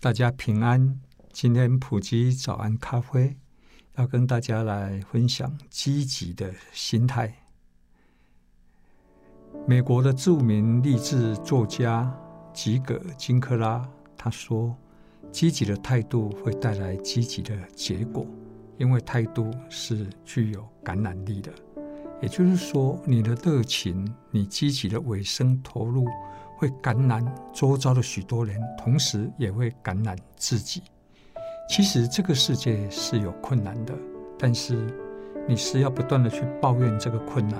大家平安，今天埔基早安咖啡，要跟大家來分享積極的心態。美國的著名勵志作家吉格·金克拉他說：“積極的態度會帶來積極的結果，因為態度是具有感染力的。也就是說，你的熱情，你積極的委身投入。”會感染周遭的許多人，同時也會感染自己。其實這個世界是有困難的，但是你是要不斷的去抱怨這個困難，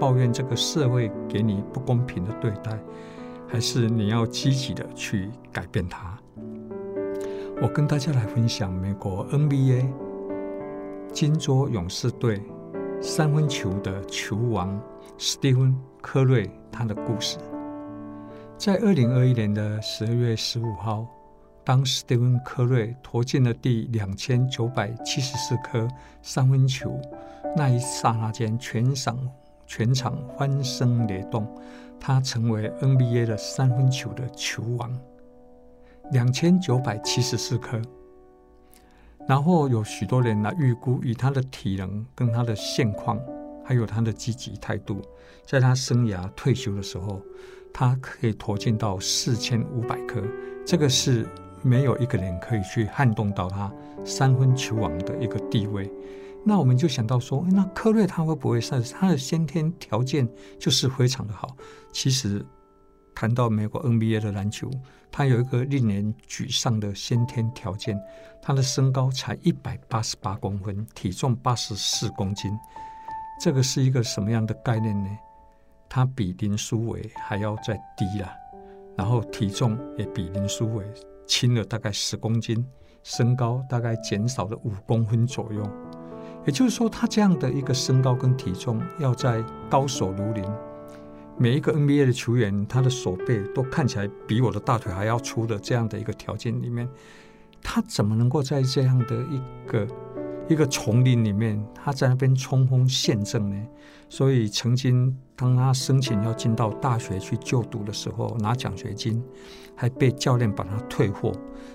抱怨這個社會給你不公平的對待，還是你要積極的去改變它？我跟大家來分享美國 NBA 金州勇士隊三分球的球王史蒂芬·科瑞他的故事。在二零二一年的十二月十五號，當史蒂文·科瑞投進了第兩千九百七十四顆三分球。那一剎那間全、全場全場歡聲雷動，他成為 NBA 的三分球的球王，兩千九百七十四顆。然後有許多人來預估，以他的體能跟他的現況。還有他的積極態度，在他生涯退休的時候，他可以投進到四千五百顆，這個是沒有一個人可以去撼動到他三分球王的一個地位。那我們就想到說，那科瑞他會不會是他的先天條件就是非常的好？其實談到美國 NBA 的籃球，他有一個令人沮喪的先天條件，他的身高才一百八十八公分，體重八十四公斤。這個是一個什麼樣的概念呢？他比林書偉還要再低了，然後體重也比林書偉輕了大概十公斤，身高大概減少了五公分左右。也就是說，他這樣的一個身高跟體重，要在高手如林，每一個 NBA 的球員，他的手背都看起來比我的大腿還要粗的這樣的一個條件裡面，他怎麼能夠在這樣的一個？一個叢林裡面，他在那邊衝鋒陷陣呢。所以曾經，當他申請要進到大學去就讀的時候，拿獎學金，還被教練把他退貨。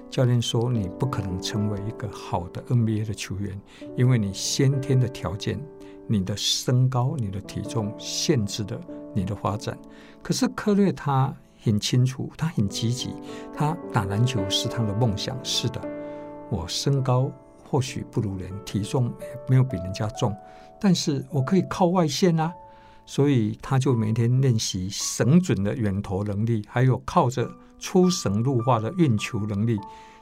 教練說：“你不可能成為一個好的 NBA 的球員，因為你先天的條件，你的身高、你的體重限制了你的發展。”可是柯瑞他很清楚，他很積極，他打籃球是他的夢想。是的，我身高。或許不如人，體重沒有比人家重，但是我可以靠外線啊，所以他就每天練習神準的遠投能力，還有靠着出神入化的運球能力，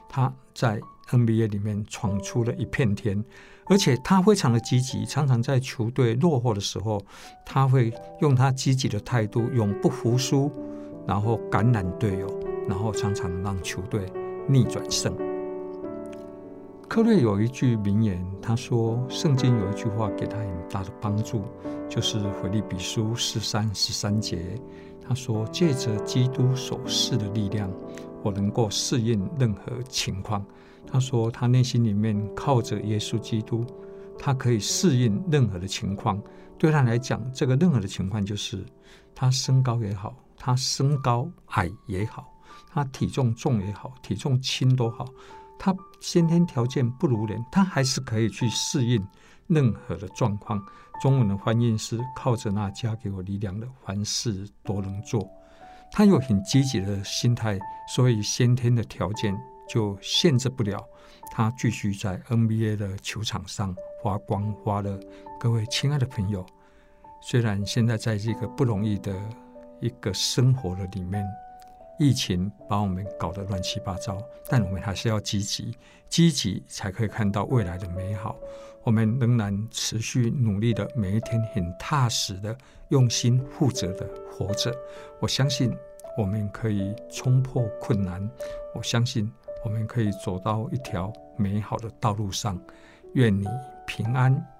他在 NBA 裡面闖出了一片天。而且他非常的積極，常常在球隊落後的時候，他會用他積極的態度，永不服輸，然後感染隊友，然後常常讓球隊逆轉勝。科瑞有一句名言，他說：“聖經有一句話給他很大的幫助，就是《腓立比書》十三十三節。他說：‘借着基督所賜的力量，我能夠適應任何情況。’他說，他內心裡面靠着耶穌基督，他可以適應任何的情況。對他來講，這個任何的情況就是他身高也好，他身高矮也好，他體重重也好，體重輕都好。”他先天條件不如人，他還是可以去適應任何的狀況。中文的翻譯是靠着那加給我力量的，凡事都能做。他有很積極的心態，所以先天的條件就限制不了他繼續在 NBA 的球場上發光發熱。各位親愛的朋友，雖然現在在這個不容易的一個生活的裡面。疫情把我們搞得亂七八糟，但我們還是要積極，積極才可以看到未來的美好。我們仍然持續努力的每一天，很踏實的用心負責的活着。我相信我們可以衝破困難，我相信我們可以走到一條美好的道路上。願你平安。